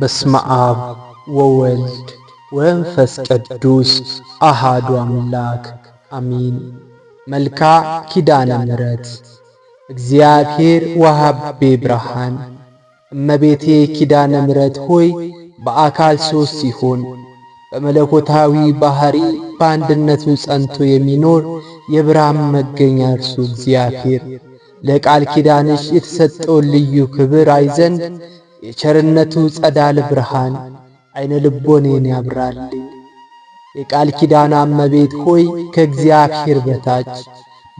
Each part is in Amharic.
በስመ አብ ወወልድ ወመንፈስ ቅዱስ አሃዱ አምላክ አሚን። መልካ ኪዳነ ምሕረት እግዚአብሔር ወሀቤ ብርሃን እመቤቴ ኪዳነ ምሕረት ሆይ በአካል ሦስት ሲሆን በመለኮታዊ ባህሪ በአንድነቱ ጸንቶ የሚኖር የብርሃን መገኛ እርሱ እግዚአብሔር ለቃል ኪዳንሽ የተሰጠውን ልዩ ክብር አይዘንድ። የቸርነቱ ጸዳል ብርሃን ዐይነ ልቦኔን ያብራል የቃል ኪዳን እመቤት ሆይ ከእግዚአብሔር በታች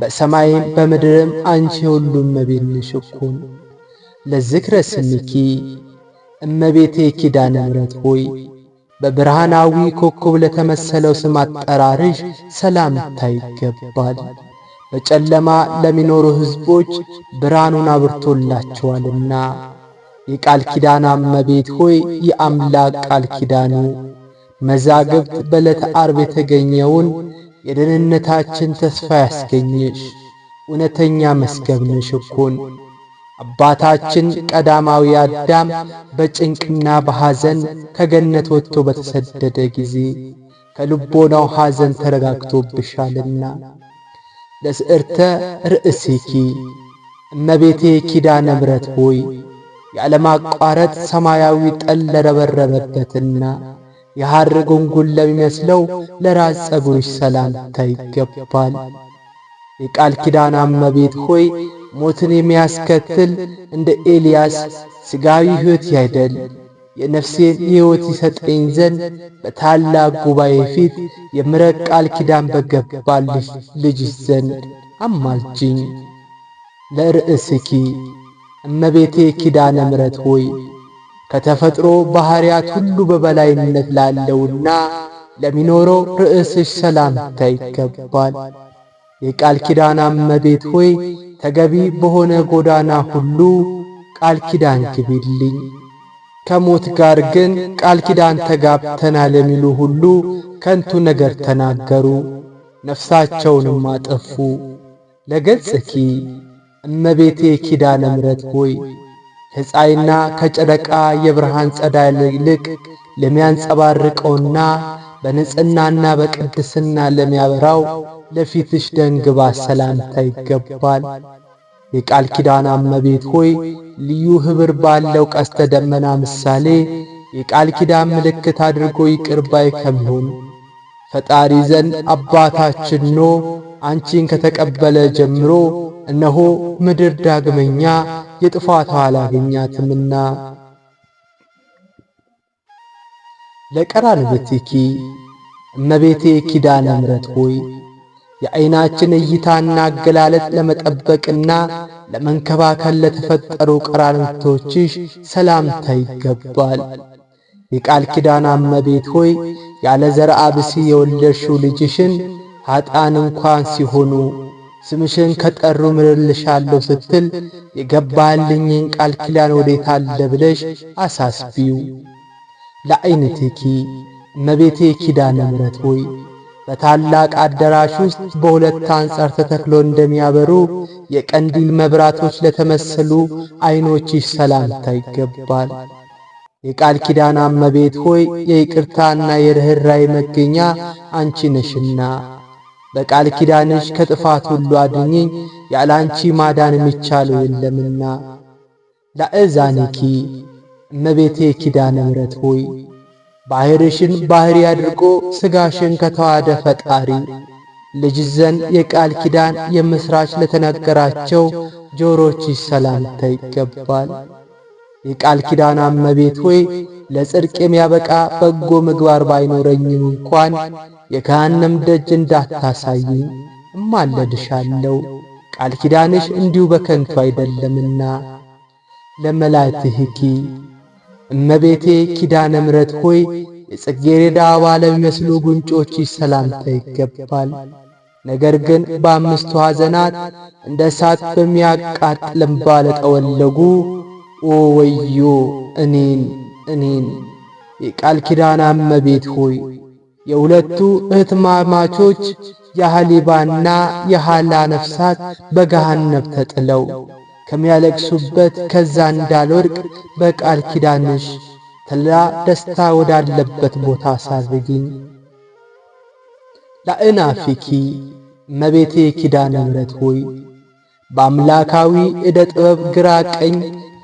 በሰማይም በምድርም አንቺ የሁሉ እመቤት ነሽ ለዝክረ ስሚኪ እመቤቴ ኪዳነ ምሕረት ሆይ በብርሃናዊ ኮከብ ለተመሰለው ስም አጠራርሽ ሰላምታ ይገባል። በጨለማ ለሚኖሩ ሕዝቦች ብርሃኑን አብርቶላቸዋልና የቃል ኪዳን እመቤት ሆይ የአምላክ ቃል ኪዳኑ መዛግብት በዕለተ ዓርብ የተገኘውን የደህንነታችን ተስፋ ያስገኘሽ እውነተኛ መስገብነሽ እኮን አባታችን ቀዳማዊ አዳም በጭንቅና በሐዘን ከገነት ወጥቶ በተሰደደ ጊዜ ከልቦናው ሐዘን ተረጋግቶብሻልና ለስዕርተ ርእሲኪ እመቤቴ ኪዳነ ምሕረት ሆይ ያለማቋረጥ ሰማያዊ ጠል ለረበረበበትና የሐር ጉንጉን ለሚመስለው ለራስ ጸጉርሽ ሰላምታ ይገባል። የቃል ኪዳን እመቤት ሆይ ሞትን የሚያስከትል እንደ ኤልያስ ሥጋዊ ሕይወት ያይደል የነፍሴን ሕይወት ይሰጠኝ ዘንድ በታላቅ ጉባኤ ፊት የምረቅ ቃል ኪዳን በገባልሽ ልጅሽ ዘንድ አማልጅኝ። ለርእስኪ እመቤቴ ኪዳነ ምሕረት ሆይ ከተፈጥሮ ባሕርያት ሁሉ በበላይነት ላለውና ለሚኖረው ርዕስሽ ሰላምታ ይገባል። የቃል ኪዳን እመቤት ሆይ ተገቢ በሆነ ጎዳና ሁሉ ቃል ኪዳን ግቢልኝ። ከሞት ጋር ግን ቃል ኪዳን ተጋብተናል የሚሉ ሁሉ ከንቱ ነገር ተናገሩ፣ ነፍሳቸውንም አጠፉ። ለገጽኪ እመቤቴ ኪዳነ ምሕረት ሆይ ከፀሐይና ከጨረቃ የብርሃን ጸዳል ይልቅ ለሚያንጸባርቀውና በንጽህናና በቅድስና ለሚያበራው ለፊትሽ ደንግባ ሰላምታ ይገባል። የቃል ኪዳን እመቤት ሆይ ልዩ ኅብር ባለው ቀስተ ደመና ምሳሌ የቃል ኪዳን ምልክት አድርጎ ይቅርባይ ከሚሆን ፈጣሪ ዘንድ አባታችን ኖ አንቺን ከተቀበለ ጀምሮ እነሆ ምድር ዳግመኛ የጥፋቷ አላገኛትምና። ለቀራንብትኪ እመቤቴ ኪዳነ ምሕረት ሆይ የዐይናችን እይታና አገላለጥ ለመጠበቅና ለመንከባከል ለተፈጠሩ ቀራንቶችሽ ሰላምታ ይገባል። የቃል ኪዳን እመቤት ሆይ ያለ ዘር አብሲ የወለድሽው ልጅሽን ኀጣን እንኳን ሲሆኑ ስምሽን ከጠሩ ምርልሻለሁ ስትል የገባልኝን ቃል ኪዳን ወዴት አለ ብለሽ አሳስቢው። ለአይነትኪ እመቤቴ ኪዳነ ምሕረት ሆይ በታላቅ አዳራሽ ውስጥ በሁለት አንጻር ተተክሎ እንደሚያበሩ የቀንዲል መብራቶች ለተመሰሉ አይኖችሽ ሰላምታ ይገባል። የቃል ኪዳን እመቤት ሆይ የይቅርታና የርኅራይ መገኛ አንቺ ነሽና በቃል ኪዳንሽ ከጥፋት ሁሉ አድኝኝ፣ ያለ አንቺ ማዳን የሚቻለው የለምና። ላእዛንኪ እመቤቴ ኪዳነ ምሕረት ሆይ ባሕርሽን ባሕሪ አድርጎ ሥጋሽን ከተዋደ ፈጣሪ ልጅ ዘንድ የቃል ኪዳን የምሥራች ለተነገራቸው ጆሮችሽ ሰላምታ ይገባል። የቃል ኪዳን እመቤት ሆይ ለጽድቅ የሚያበቃ በጎ ምግባር ባይኖረኝም እንኳን የገሃነም ደጅ እንዳታሳይ እማለድሻለሁ። ቃል ኪዳንሽ እንዲሁ በከንቱ አይደለምና። ህኪ እመቤቴ ኪዳነ ምሕረት ሆይ የጽጌረዳ አበባ ለሚመስሉ ጉንጮች ሰላምታ ይገባል። ነገር ግን በአምስቱ ሐዘናት እንደ እሳት በሚያቃጥል እምባ ኦ ወዮ እኔን እኔን የቃል ኪዳን እመቤት ሆይ የሁለቱ እህትማማቾች የሐሊባና የሐላ ነፍሳት በገሃነም ተጥለው ከሚያለቅሱበት ከዛ እንዳልወድቅ በቃል ኪዳንሽ ተላ ደስታ ወዳለበት ቦታ አሳርግኝ። ላእናፊኪ መቤቴ ኪዳነ ምሕረት ሆይ በአምላካዊ ዕደ ጥበብ ግራ ቀኝ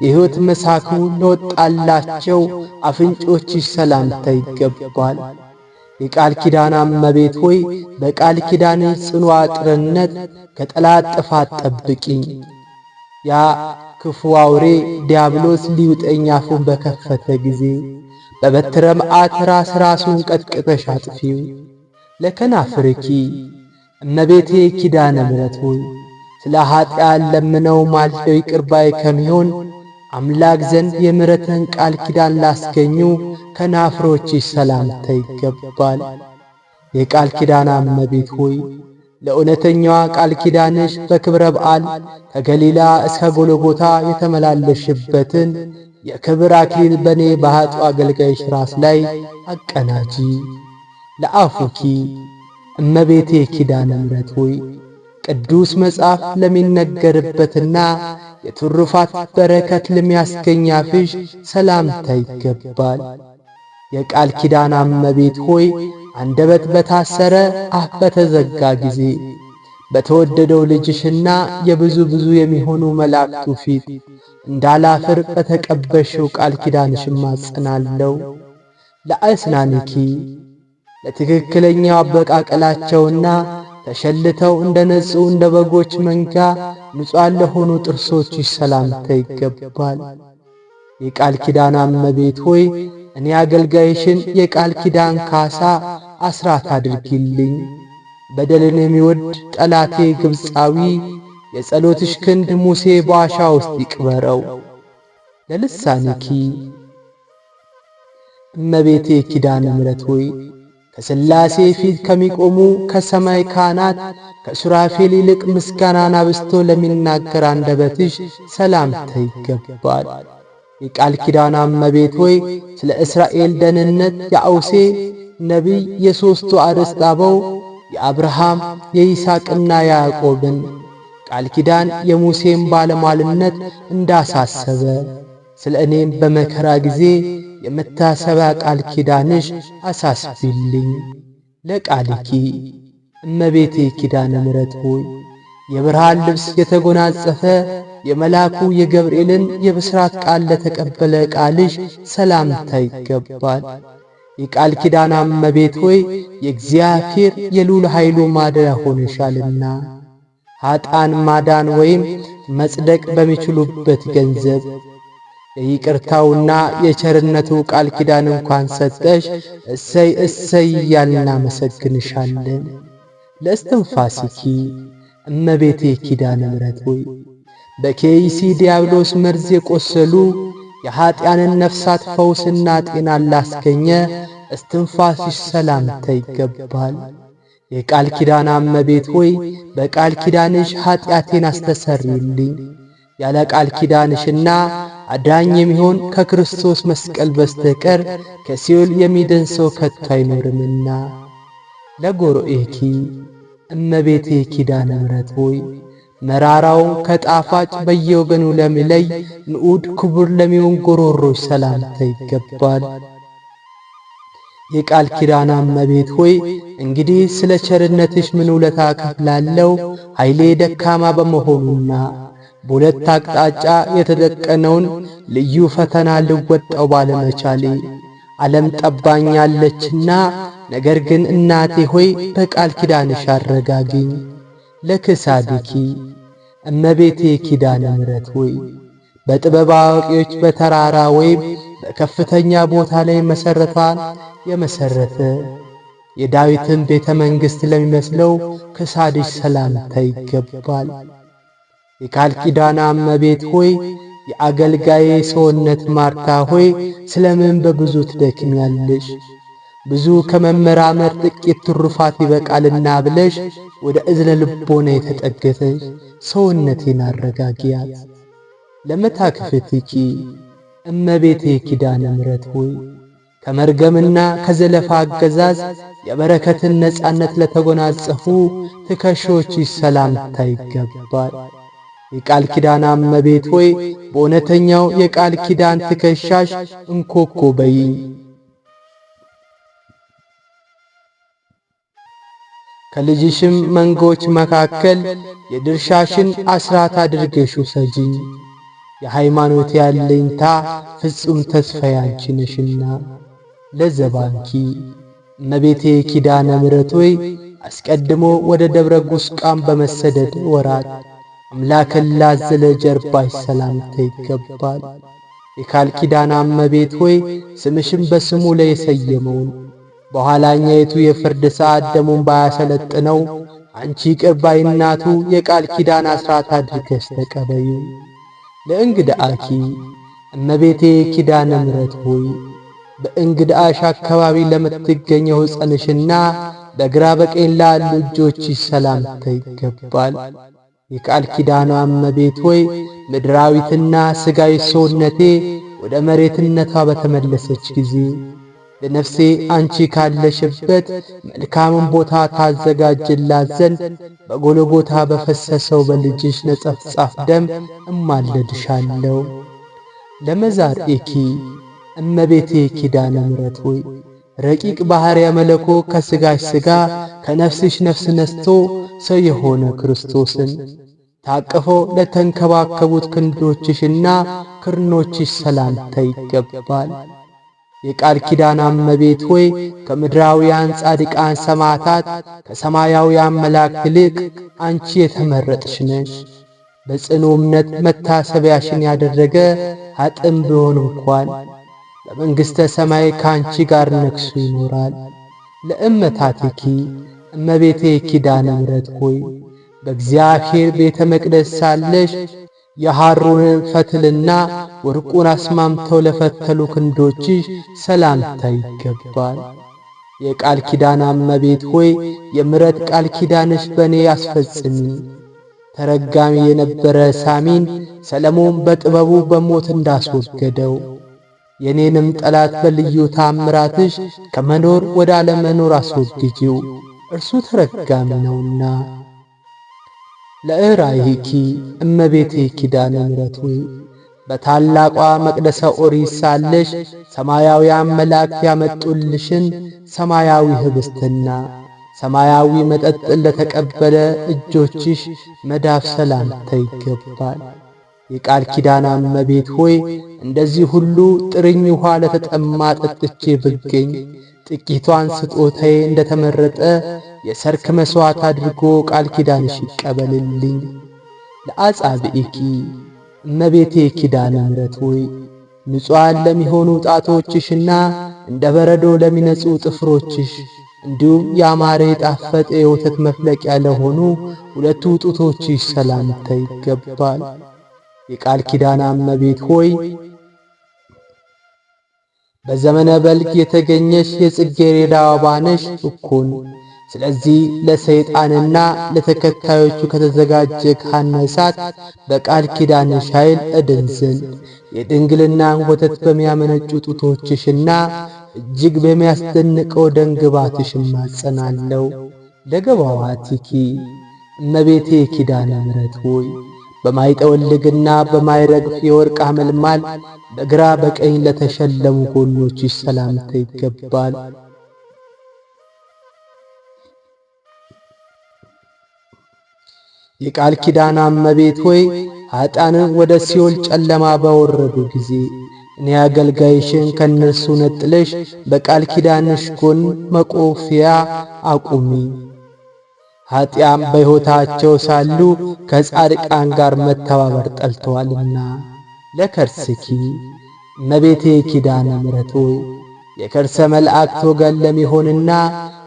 የሕይወት መሳኩ ለወጣላቸው አፍንጮችሽ ሰላምታ ይገባል። የቃል ኪዳን እመቤት ሆይ በቃል ኪዳን ጽኑ አጥርነት ከጠላት ጥፋት ጠብቂኝ። ያ ክፉ አውሬ ዲያብሎስ ሊውጠኝ አፉን በከፈተ ጊዜ በበትረ መዓት ራስ ራሱን ቀጥቅጠሽ አጥፊው። ለከናፍርኪ እመቤቴ ኪዳነ ምሕረት ሆይ ስለ ኀጢአን ለምነው ማልደው ይቅርባይ ከሚሆን አምላክ ዘንድ የምረትን ቃል ኪዳን ላስገኙ ከናፍሮች ሰላምታ ይገባል። የቃል ኪዳን እመቤት ሆይ ለእውነተኛዋ ቃል ኪዳንሽ በክብረ በዓል ከገሊላ እስከ ጎልጎታ የተመላለሽበትን የክብር አክሊል በኔ በኃጡ አገልጋይሽ ራስ ላይ አቀናጂ። ለአፉኪ እመቤቴ ኪዳነ ምሕረት ሆይ ቅዱስ መጽሐፍ ለሚነገርበትና የትሩፋት በረከት ለሚያስገኝ አፍሽ ሰላምታ ይገባል። የቃል ኪዳን እመቤት ሆይ አንደበት በታሰረ አፍ በተዘጋ ጊዜ በተወደደው ልጅሽና የብዙ ብዙ የሚሆኑ መላእክቱ ፊት እንዳላፍር በተቀበሽው ቃል ኪዳንሽ እማጸናለሁ። ለአስናንኪ ለትክክለኛው አበቃቀላቸውና ተሸልተው እንደ ነጹ እንደ በጎች መንጋ ንጹዓን ለሆኑ ጥርሶች ሰላምታ ይገባል። የቃል ኪዳን እመቤት ሆይ እኔ አገልጋይሽን የቃል ኪዳን ካሳ አስራት አድርጊልኝ። በደልን የሚወድ ጠላቴ ግብፃዊ የጸሎትሽ ክንድ ሙሴ በዋሻ ውስጥ ይቅበረው። ለልሳንኪ እመቤቴ ኪዳነ ምሕረት ሆይ ከሥላሴ ፊት ከሚቆሙ ከሰማይ ካህናት ከሱራፌል ይልቅ ምስጋናን አብስቶ ለሚናገር አንደበትሽ ሰላምታ ይገባል። የቃል ኪዳን እመቤት ሆይ ስለ እስራኤል ደህንነት የአውሴ ነቢይ የሦስቱ አርዕስት አበው የአብርሃም የይስሐቅና ያዕቆብን ቃል ኪዳን የሙሴን ባለሟልነት እንዳሳሰበ ስለ እኔም በመከራ ጊዜ የመታሰባ ቃል ኪዳንሽ አሳስቢልኝ ለቃልኪ እመቤቴ ኪዳነ ምሕረት ሆይ የብርሃን ልብስ የተጎናጸፈ የመልአኩ የገብርኤልን የብስራት ቃል ለተቀበለ ቃልሽ ሰላምታ ይገባል። የቃል ኪዳን እመቤት ሆይ የእግዚአብሔር የልዑል ኃይሉ ማደሪያ ሆነሻልና ኀጣን ማዳን ወይም መጽደቅ በሚችሉበት ገንዘብ የይቅርታውና የቸርነቱ ቃል ኪዳን እንኳን ሰጠሽ፣ እሰይ እሰይ እያልን አመሰግንሻለን። ለእስትንፋሲኪ እመቤቴ ኪዳነ ምሕረት ሆይ በኬይሲ ዲያብሎስ መርዝ የቆሰሉ የኀጢአንን ነፍሳት ፈውስና ጤና ላስገኘ እስትንፋስሽ ሰላምታ ይገባል። የቃል ኪዳን እመቤት ሆይ በቃል ኪዳንሽ ኀጢአቴን አስተሰርይልኝ ያለ ቃል ኪዳንሽና አዳኝ የሚሆን ከክርስቶስ መስቀል በስተቀር ከሲኦል የሚድን ሰው ከቶ አይኖርምና። ለጎሮኤኪ እመቤቴ ኪዳነ ምሕረት ሆይ መራራው ከጣፋጭ በየወገኑ ለሚለይ ንዑድ ክቡር ለሚሆን ጎሮሮች ሰላምታ ይገባል። የቃል ኪዳን እመቤት ሆይ እንግዲህ ስለ ቸርነትሽ ምን ውለታ ከፍላለው ኃይሌ ደካማ በመሆኑና በሁለት አቅጣጫ የተደቀነውን ልዩ ፈተና ልወጣው ባለመቻሌ ዓለም ጠባኛለችና፣ ነገር ግን እናቴ ሆይ በቃል ኪዳንሽ አረጋግኝ። ለክሳድኪ እመቤቴ ኪዳነ ምሕረት ሆይ በጥበብ አዋቂዎች በተራራ ወይም በከፍተኛ ቦታ ላይ መሠረቷን የመሠረተ የዳዊትን ቤተ መንግሥት ለሚመስለው ክሳድሽ ሰላምታ ይገባል። የቃል ኪዳን እመቤት ሆይ የአገልጋዬ ሰውነት ማርታ ሆይ ስለምን በብዙ ትደክሚያለሽ? ብዙ ከመመራመር ጥቂት ትሩፋት ይበቃልና ብለሽ ወደ እዝነ ልቦና የተጠገተሽ ሰውነቴን አረጋጊያት። ለመታክፍትኪ እመቤቴ ኪዳነ ምረት ሆይ ከመርገምና ከዘለፋ አገዛዝ የበረከትን ነፃነት ለተጎናጸፉ ትከሾች ሰላምታ ይገባል። የቃል ኪዳን እመቤት ሆይ በእውነተኛው የቃል ኪዳን ትከሻሽ እንኮኮ በይ። ከልጅሽም መንጎች መካከል የድርሻሽን አስራት አድርገሽ ውሰጂ። የሃይማኖት ያለኝታ ፍጹም ተስፋ ያንቺ ነሽና ለዘባንኪ እመቤቴ ኪዳነ ምሕረት ሆይ አስቀድሞ ወደ ደብረ ቁስቋም በመሰደድ ወራት አምላክን ላዘለ ጀርባሽ ሰላምታ ይገባል። የቃል ኪዳን እመቤት ሆይ ስምሽን በስሙ ላይ የሰየመውን በኋላኛይቱ የፍርድ ሰዓት ደሙን ባያሰለጥነው አንቺ ይቅር ባይ እናቱ የቃል ኪዳን አስራት አድርገሽ ተቀበዩ። አኪ እመቤቴ ኪዳነ ምሕረት ሆይ አሽ አካባቢ ለምትገኘው ሕፀንሽና በግራ በቀኝ ላሉ እጆችሽ ሰላምታ ይገባል። የቃል ኪዳኗ እመቤት ሆይ ምድራዊትና ሥጋዊ ሰውነቴ ወደ መሬትነቷ በተመለሰች ጊዜ ለነፍሴ አንቺ ካለሽበት መልካምን ቦታ ታዘጋጅላት ዘንድ በጎልጎታ በፈሰሰው በልጅሽ ነጸፍጻፍ ደም እማለድሻለሁ። ለመዛርኤኪ እመቤቴ ኪዳነ ምሕረት ሆይ ረቂቅ ባሕርያ መለኮ ከሥጋሽ ሥጋ ከነፍስሽ ነፍስ ነስቶ ሰው የሆነ ክርስቶስን ታቅፎ ለተንከባከቡት ክንዶችሽና ክርኖችሽ ሰላምታ ይገባል። የቃል ኪዳን እመቤት ሆይ ከምድራውያን ጻድቃን ሰማዕታት፣ ከሰማያውያን መላእክት ይልቅ አንቺ የተመረጥሽ ነሽ። በጽኑ እምነት መታሰቢያሽን ያደረገ አጥም ቢሆን እንኳን በመንግሥተ ሰማይ ካንቺ ጋር ነግሶ ይኖራል። ለእመታቲኪ እመቤቴ ኪዳነ ምሕረት ሆይ በእግዚአብሔር ቤተ መቅደስ ሳለሽ የሐሩንን ፈትልና ወርቁን አስማምተው ለፈተሉ ክንዶችሽ ሰላምታ ይገባል። የቃል ኪዳን እመቤት ሆይ የምሕረት ቃል ኪዳንሽ በእኔ አስፈጽሚ። ተረጋሚ የነበረ ሳሚን ሰለሞን በጥበቡ በሞት እንዳስወገደው የኔንም ጠላት በልዩ ታምራትሽ ከመኖር ወደ አለመኖር አስወግጂው። እርሱ ተረጋሚ ነውና። ለእራይኪ እመቤቴ ኪዳነ ምሕረት ሆይ በታላቋ መቅደሰ ኦሪት ሳለሽ ሰማያውያን መላእክት ያመጡልሽን ሰማያዊ ህብስትና ሰማያዊ መጠጥ ለተቀበለ እጆችሽ መዳፍ ሰላምታ ይገባል። የቃል ኪዳን እመቤት ሆይ እንደዚህ ሁሉ ጥርኝ ውኃ ለተጠማ ጠጥቼ ብገኝ ጥቂቷን ስጦታዬ እንደተመረጠ የሰርክ መሥዋዕት አድርጎ ቃል ኪዳንሽ ይቀበልልኝ። ለአጻብኢኪ እመቤቴ ኪዳነ ምሕረት ሆይ ንጹዓን ለሚሆኑ ጣቶችሽና እንደ በረዶ ለሚነጹ ጥፍሮችሽ እንዲሁም ያማረ የጣፈጠ የወተት መፍለቂያ ለሆኑ ሁለቱ ጡቶችሽ ሰላምታ ይገባል። የቃል ኪዳን እመቤት ሆይ በዘመነ በልግ የተገኘሽ የጽጌረዳ አበባ ነሽ እኮን። ስለዚህ ለሰይጣንና ለተከታዮቹ ከተዘጋጀ ካነሳት እሳት በቃል ኪዳንሽ ኃይል እድን ዘንድ የድንግልናን ወተት በሚያመነጩ ጡቶችሽና እጅግ በሚያስደንቀው ደንግባትሽ እማጸናለሁ። ለገባዋቲኪ እመቤቴ ኪዳነ ምሕረት ሆይ በማይጠወልግና በማይረግፍ የወርቅ አመልማል በግራ በቀኝ ለተሸለሙ ጎኖች ሰላምታ ይገባል። የቃል ኪዳን እመቤት ሆይ ኀጣንን ወደ ሲኦል ጨለማ ባወረዱ ጊዜ እኔ አገልጋይሽን ከእነርሱ ነጥለሽ በቃል ኪዳንሽ ጎን መቆፊያ አቁሚ። ኀጢያም በሕይወታቸው ሳሉ ከጻድቃን ጋር መተባበር ጠልተዋልና። ለከርስኪ መቤቴ ኪዳነ ምሕረት የከርሰ መላእክት ወገን ለሚሆንና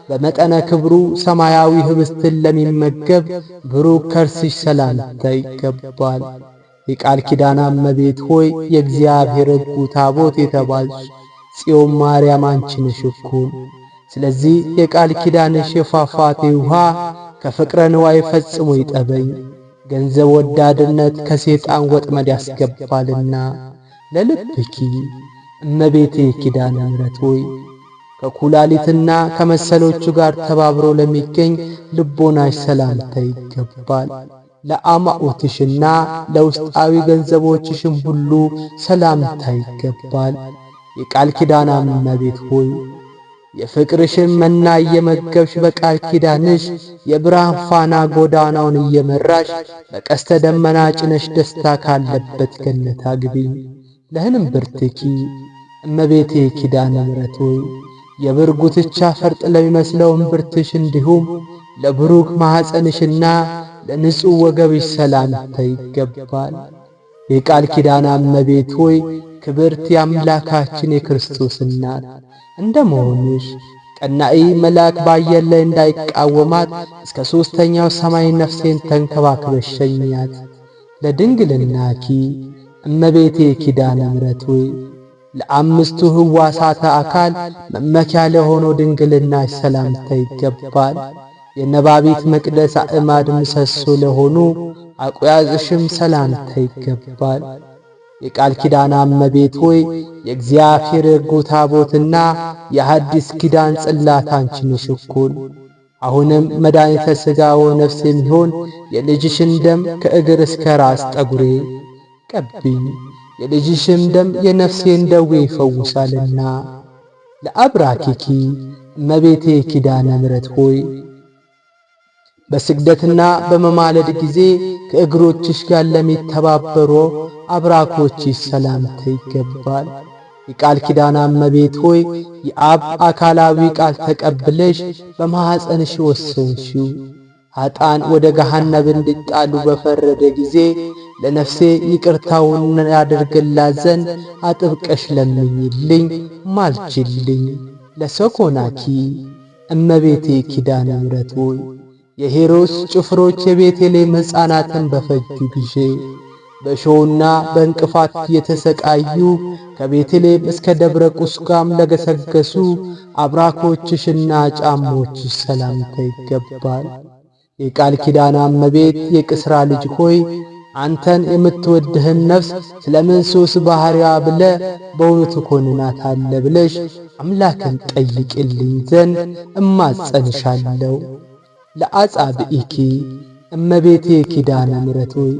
በመጠነ ክብሩ ሰማያዊ ህብስትን ለሚመገብ ብሩክ ከርስሽ ሰላምታ ይገባል። የቃል ኪዳን እመቤት ሆይ የእግዚአብሔር ሕጉ ታቦት የተባልሽ ጽዮን ማርያም አንቺ ነሽ እኮ። ስለዚህ የቃል ኪዳንሽ የፏፏቴ ውሃ ከፍቅረ ንዋይ ፈጽሞ ይጠበኝ። ገንዘብ ወዳድነት ከሴጣን ወጥመድ ያስገባልና ለልብኪ እመቤቴ ኪዳነ ምሕረት ሆይ ከኩላሊትና ከመሰሎቹ ጋር ተባብሮ ለሚገኝ ልቦናሽ ሰላምታ ይገባል። ለአማኦትሽና ለውስጣዊ ገንዘቦችሽም ሁሉ ሰላምታ ይገባል። የቃል ኪዳናም እመቤት ሆይ የፍቅርሽን መና እየመገብሽ በቃል ኪዳንሽ የብርሃን ፋና ጎዳናውን እየመራሽ በቀስተ ደመና ጭነሽ ደስታ ካለበት ገነት አግቢኝ። ለህንም ብርትኪ እመቤቴ ኪዳነ ምሕረት ሆይ የብር ጉትቻ ፈርጥ ለሚመስለውን ብርትሽ እንዲሁም ለብሩክ ማኅፀንሽና ለንጹሕ ወገብሽ ሰላምታ ይገባል። የቃል ኪዳን እመቤት ሆይ ክብርት የአምላካችን የክርስቶስ እናት እንደ መሆንሽ ቀናኢ መልአክ በአየር ላይ እንዳይቃወማት እስከ ሦስተኛው ሰማይ ነፍሴን ተንከባክበሽ ሸኛት። ለድንግልናኪ እመቤቴ ኪዳነ ምሕረት ሆይ ለአምስቱ ሕዋሳተ አካል መመኪያ ለሆነው ድንግልናሽ ሰላምታ ይገባል። የነባቢት መቅደስ አዕማድ ምሰሶ ለሆኑ አቆያዝሽም ሰላምታ ይገባል። የቃል ኪዳን እመቤት ሆይ የእግዚአብሔር ሕጉ ታቦትና ኪዳን ጽላት አንቺ ነሽ እኩል። አሁንም መድኃኒተ ሥጋው ነፍስ የሚሆን የልጅሽን ደም ከእግር እስከ ራስ ጠጉሬ ቀብኝ። የልጅሽም ደም የነፍሴን ደዌ ይፈውሳልና። ለአብራኪኪ እመቤቴ ኪዳነ ምሕረት ሆይ በስግደትና በመማለድ ጊዜ ከእግሮችሽ ጋር ለሚተባበሩ አብራኮችሽ ሰላምታ ይገባል። የቃል ኪዳን እመቤት ሆይ የአብ አካላዊ ቃል ተቀብለሽ በማኅፀንሽ ወሰንሽው። አጣን ወደ ገሃነብ እንዲጣሉ በፈረደ ጊዜ ለነፍሴ ይቅርታውን ያደርግላት ዘንድ አጥብቀሽ ለምኝልኝ፣ ማልችልኝ። ለሰኮናኪ እመቤቴ ኪዳነ ምሕረት ሆይ የሄሮስ ጭፍሮች የቤተልሔም ሕፃናትን በፈጁ ጊዜ በሾውና በእንቅፋት የተሰቃዩ ከቤተልሔም እስከ ደብረ ቁስቋም ለገሰገሱ አብራኮችሽና ጫሞች ሰላምታ ይገባል። የቃል ኪዳን እመቤት የቅስራ ልጅ ሆይ አንተን የምትወድህን ነፍስ ስለምን ሶስ ባህሪያ ብለ በእውነት ኮንናት አለ ብለሽ አምላክን ጠይቅልኝ ዘንድ እማጸንሻለሁ። ለአጻብኢኪ እመቤቴ ኪዳነ ምሕረት ሆይ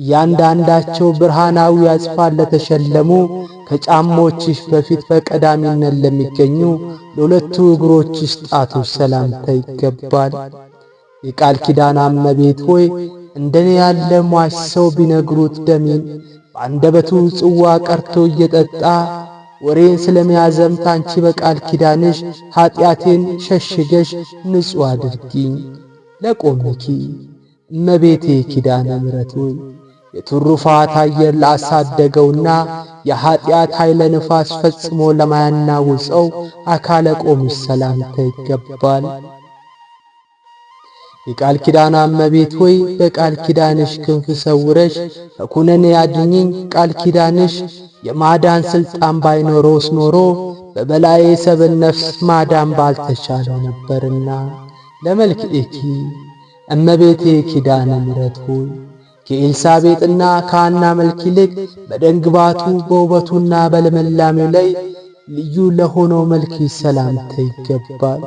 እያንዳንዳቸው ብርሃናዊ አጽፋ ለተሸለሙ ከጫሞችሽ በፊት በቀዳሚነት ለሚገኙ ለሁለቱ እግሮችሽ ጣቶች ሰላምታ ይገባል። የቃል ኪዳን እመቤት ሆይ እንደኔ ያለ ሟች ሰው ቢነግሩት ደሜን በአንደበቱ ጽዋ ቀርቶ እየጠጣ ወሬን ስለሚያዘምት አንቺ በቃል ኪዳንሽ ኀጢአቴን ሸሽገሽ ንጹሕ አድርጊኝ። ለቆምኪ እመቤቴ ኪዳነ ምሕረት ሆይ የትሩፋት አየር ላሳደገውና የኀጢአት ኃይለ ንፋስ ፈጽሞ ለማያናውፀው አካለ ቆምሽ ሰላምታ ይገባል። የቃል ኪዳን እመቤት ሆይ በቃል ኪዳንሽ ክንፍ ሰውረሽ ከኩነኔ አድኝኝ። ቃል ኪዳንሽ የማዳን ስልጣን ባይኖረውስ ኖሮ በበላዬ ሰብን ነፍስ ማዳን ባልተቻለው ነበርና። ለመልክኤኪ እመቤቴ ኪዳነ ምሕረት ሆይ ከኤልሳቤጥና ከአና መልክ ይልቅ በደንግባቱ በውበቱና በልምላሜው ላይ ልዩ ለሆነው መልክ ሰላምታ ይገባል።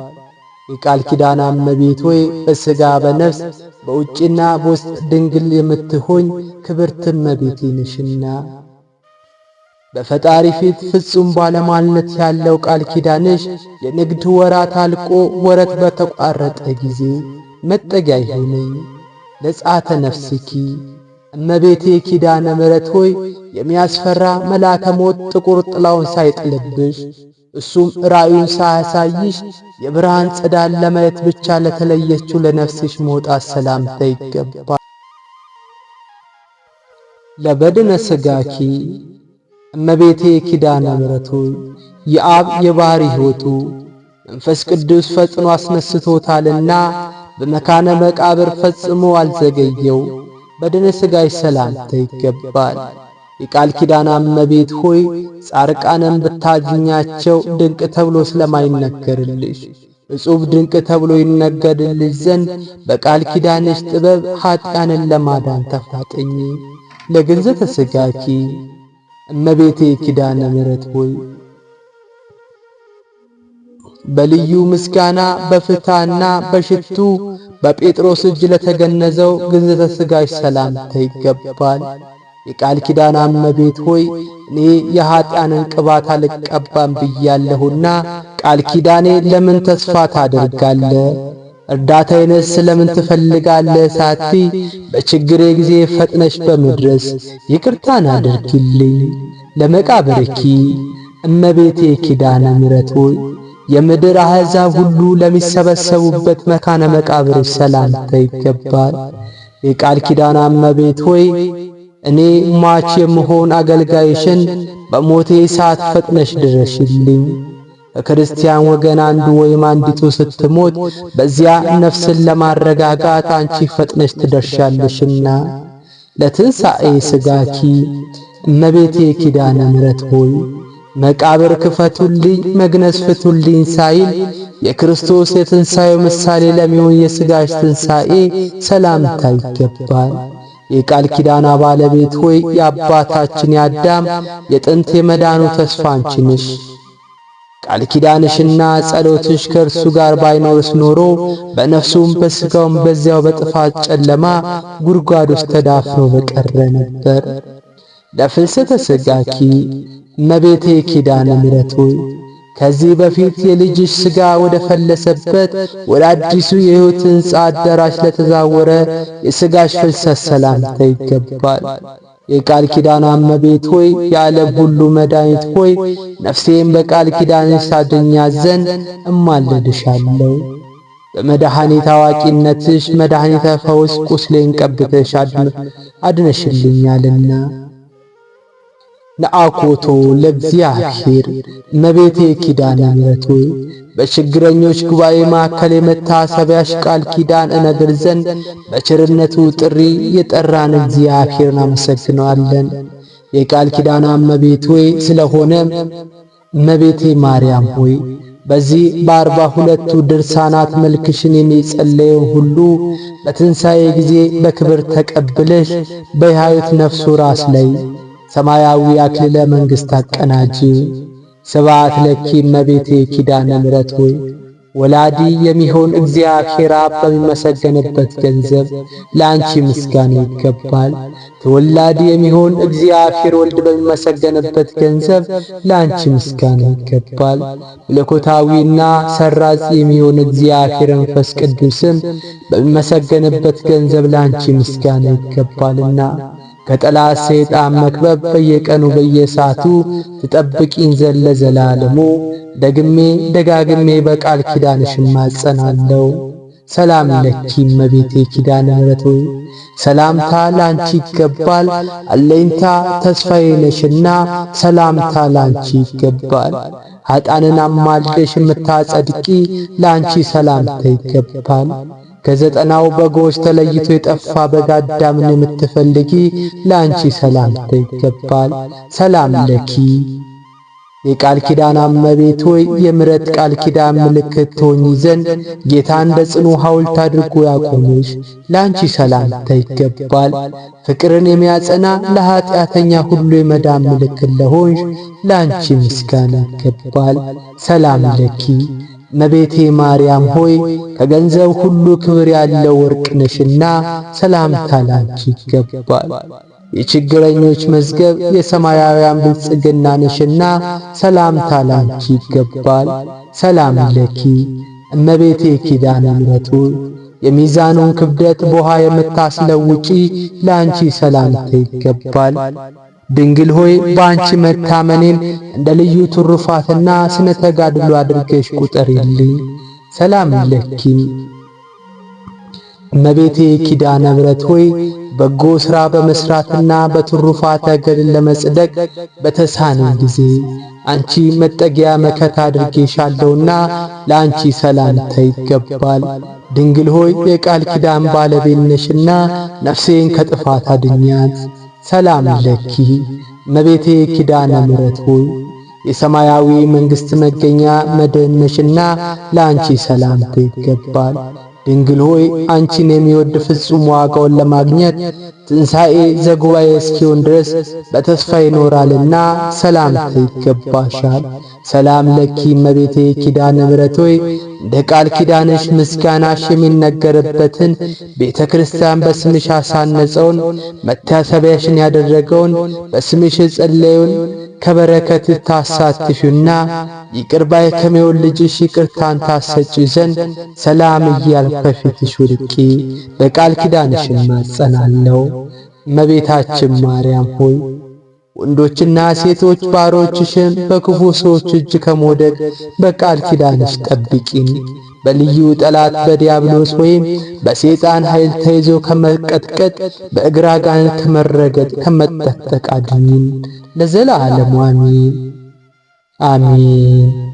የቃል ኪዳን እመቤት ሆይ በሥጋ በነፍስ በውጭና በውስጥ ድንግል የምትሆኝ ክብርት እመቤቴ ነሽና በፈጣሪ ፊት ፍጹም ባለሟልነት ያለው ቃል ኪዳንሽ የንግድ ወራት አልቆ ወረት በተቋረጠ ጊዜ መጠጊያ ይሁነኝ። ለጻተ ነፍስኪ እመቤቴ ኪዳነ ምሕረት ሆይ የሚያስፈራ መልአከ ሞት ጥቁር ጥላውን ሳይጥልብሽ እሱም ራእዩን ሳያሳይሽ የብርሃን ጽዳን ለማየት ብቻ ለተለየችው ለነፍስሽ መውጣት ሰላምታ ይገባል። ለበድነ ስጋኪ እመቤቴ ኪዳነ ምሕረቱ የአብ የባሕሪ ሕይወቱ መንፈስ ቅዱስ ፈጽኖ አስነስቶታልና በመካነ መቃብር ፈጽሞ አልዘገየው። በድነ ስጋሽ ሰላምታ ይገባል። የቃል ኪዳን እመቤት ሆይ ጻርቃንን ብታግኛቸው ድንቅ ተብሎ ስለማይነገርልሽ እጹብ ድንቅ ተብሎ ይነገርልሽ ዘንድ በቃል ኪዳንሽ ጥበብ ኀጢአንን ለማዳን ተፋጠኝ። ለግንዘተ ሥጋኪ እመቤቴ ኪዳነ ምሕረት ሆይ በልዩ ምስጋና በፍታና በሽቱ በጴጥሮስ እጅ ለተገነዘው ግንዘተ ሥጋሽ ሰላምታ ይገባል። የቃል ኪዳን እመቤት ሆይ እኔ የኀጢአንን ቅባት አልቀባም ብያለሁና ቃል ኪዳኔ ለምን ተስፋ ታደርጋለ? እርዳታዬንስ ስለምን ትፈልጋለ? ሳቲ በችግሬ ጊዜ ፈጥነሽ በመድረስ ይቅርታን አድርግልኝ። ለመቃብርኪ እመቤቴ ኪዳነ ምሕረት ሆይ የምድር አሕዛብ ሁሉ ለሚሰበሰቡበት መካነ መቃብር ሰላምታ ይገባል። የቃል ኪዳን እመቤት ሆይ እኔ ሟች የምሆን አገልጋይሽን በሞቴ ሰዓት ፈጥነሽ ድረሽልኝ። ከክርስቲያን ወገን አንዱ ወይም አንዲቱ ስትሞት በዚያ ነፍስን ለማረጋጋት አንቺ ፈጥነሽ ትደርሻለሽና ለትንሣኤ ሥጋኪ እመቤቴ ኪዳነ ምሕረት ሆይ መቃብር ክፈቱልኝ፣ መግነዝ ፍቱልኝ ሳይል የክርስቶስ የትንሣኤው ምሳሌ ለሚሆን የሥጋሽ ትንሣኤ ሰላምታ ይገባል። የቃል ኪዳና ባለቤት ሆይ የአባታችን ያዳም የጥንት የመዳኑ ተስፋ አንቺ ነሽ። ቃል ኪዳንሽና ጸሎትሽ ከእርሱ ጋር ባይኖርስ ኖሮ በነፍሱም በሥጋውም በዚያው በጥፋት ጨለማ ጉድጓድ ውስጥ ተዳፍኖ በቀረ ነበር። ለፍልሰተ ሥጋኪ እመቤቴ ኪዳነ ምሕረት ሆይ ከዚህ በፊት የልጅሽ ሥጋ ወደ ፈለሰበት ወደ አዲሱ የሕይወት ሕንፃ አዳራሽ ለተዛወረ የሥጋሽ ፍልሰት ሰላምታ ይገባል። የቃል ኪዳን እመቤት ሆይ የዓለም ሁሉ መድኃኒት ሆይ ነፍሴን በቃል ኪዳንሽ ታድኛት ዘንድ እማልድሻለሁ። በመድኃኒት አዋቂነትሽ መድኃኒተ ፈውስ ቁስሌን ቀብተሽ አድነሽልኛልና ነአኮቶ ለእግዚአብሔር እመቤቴ ኪዳነ ምሕረት ሆይ በችግረኞች ጉባኤ ማዕከል የመታሰቢያሽ ቃል ኪዳን እነግር ዘንድ በቸርነቱ ጥሪ የጠራን እግዚአብሔርን አመሰግነዋለን። የቃል ኪዳን እመቤት ሆይ ስለሆነ እመቤቴ ማርያም ሆይ በዚህ በአርባ ሁለቱ ድርሳናት መልክሽን የሚጸለየው ሁሉ በትንሣኤ ጊዜ በክብር ተቀብለሽ በሕያዊት ነፍሱ ራስ ላይ ሰማያዊ አክሊለ መንግሥት አቀናጂ ስብዓት ለኪ እመቤቴ ኪዳነ ምሕረት ሆይ ወላዲ የሚሆን እግዚአብሔር አብ በሚመሰገንበት ገንዘብ ለአንቺ ምስጋና ይገባል። ተወላዲ የሚሆን እግዚአብሔር ወልድ በሚመሰገንበት ገንዘብ ለአንቺ ምስጋና ይገባል። መለኮታዊና ሰራጽ የሚሆን እግዚአብሔር መንፈስ ቅዱስም በሚመሰገንበት ገንዘብ ለአንቺ ምስጋና ይገባልና ከጠላት ሰይጣን መክበብ በየቀኑ በየሰዓቱ ትጠብቂን ዘለ ዘላለሙ። ደግሜ ደጋግሜ በቃል ኪዳንሽ እማጸናለሁ። ሰላም ለኪ እመቤቴ ኪዳነ ምሕረት ሆይ ሰላምታ ላንቺ ይገባል። አለኝታ ተስፋዬ ነሽና ሰላምታ ላንቺ ይገባል። ኃጣንን አማልደሽ የምታጸድቂ ላንቺ ሰላምታ ይገባል። ከዘጠናው በጎች ተለይቶ የጠፋ በግ አዳምን የምትፈልጊ ለአንቺ ሰላምታ ይገባል። ሰላም ለኪ የቃል ኪዳን እመቤት ሆይ የምሕረት ቃል ኪዳን ምልክት ትሆኚ ዘንድ ጌታ እንደ ጽኑ ሐውልት አድርጎ ያቆመሽ ለአንቺ ሰላምታ ይገባል። ፍቅርን የሚያጸና ለኀጢአተኛ ሁሉ የመዳን ምልክት ለሆንሽ ለአንቺ ምስጋና ይገባል። ሰላም ለኪ መቤቴ ማርያም ሆይ ከገንዘብ ሁሉ ክብር ያለው ወርቅ ነሽና ሰላምታ ላንቺ ይገባል። የችግረኞች መዝገብ የሰማያውያን ብልጽግና ነሽና ሰላምታ ላንቺ ይገባል። ሰላም ለኪ እመቤቴ ኪዳነ ምሕረቱ የሚዛኑን ክብደት በውሃ የምታስለውጪ ላንቺ ሰላምታ ይገባል። ድንግል ሆይ በአንቺ መታመኔን እንደ ልዩ ትሩፋትና ስነ ተጋድሎ አድርገሽ ቁጠሪልኝ። ሰላም ለኪ እመቤቴ ኪዳነ ምሕረት ሆይ በጎ ሥራ በመሥራትና በትሩፋት ገድል ለመጽደቅ በተሳነኝ ጊዜ አንቺ መጠጊያ መከታ አድርጌሻለሁና ለአንቺ ሰላምታ ይገባል። ድንግል ሆይ የቃል ኪዳን ባለቤት ነሽና ነፍሴን ከጥፋት አድኛት። ሰላም ለኪ መቤቴ ኪዳነ ምረት ሆይ የሰማያዊ መንግሥት መገኛ መደነሽና ለአንቺ ሰላምታ ይገባል። ድንግል ሆይ አንቺን የሚወድ ፍጹም ዋጋውን ለማግኘት ትንሣኤ ዘጉባኤ እስኪሆን ድረስ በተስፋ ይኖራልና ሰላም ይገባሻል። ሰላም ለኪ እመቤቴ ኪዳነ ምሕረት ሆይ እንደ ቃል ኪዳንሽ ምስጋናሽ የሚነገርበትን ቤተ ክርስቲያን በስምሽ አሳነጸውን መታሰቢያሽን ያደረገውን በስምሽ ጸለዩን ከበረከት ታሳትፊውና ይቅርባይ ከሚሆን ልጅሽ ይቅርታን ታሰጪ ዘንድ ሰላም እያል በፊትሽ ውድቂ በቃል ኪዳንሽ እማጸናለሁ። እመቤታችን ማርያም ሆይ ወንዶችና ሴቶች ባሮችሽን በክፉ ሰዎች እጅ ከመውደቅ በቃል ኪዳንሽ ጠብቂን። በልዩ ጠላት በዲያብሎስ ወይም በሴጣን ኃይል ተይዞ ከመቀጥቀጥ በእግራ ጋን ከመረገጥ ከመጠጠቅ አድኝን። ለዘላለሙ አሚን አሚን።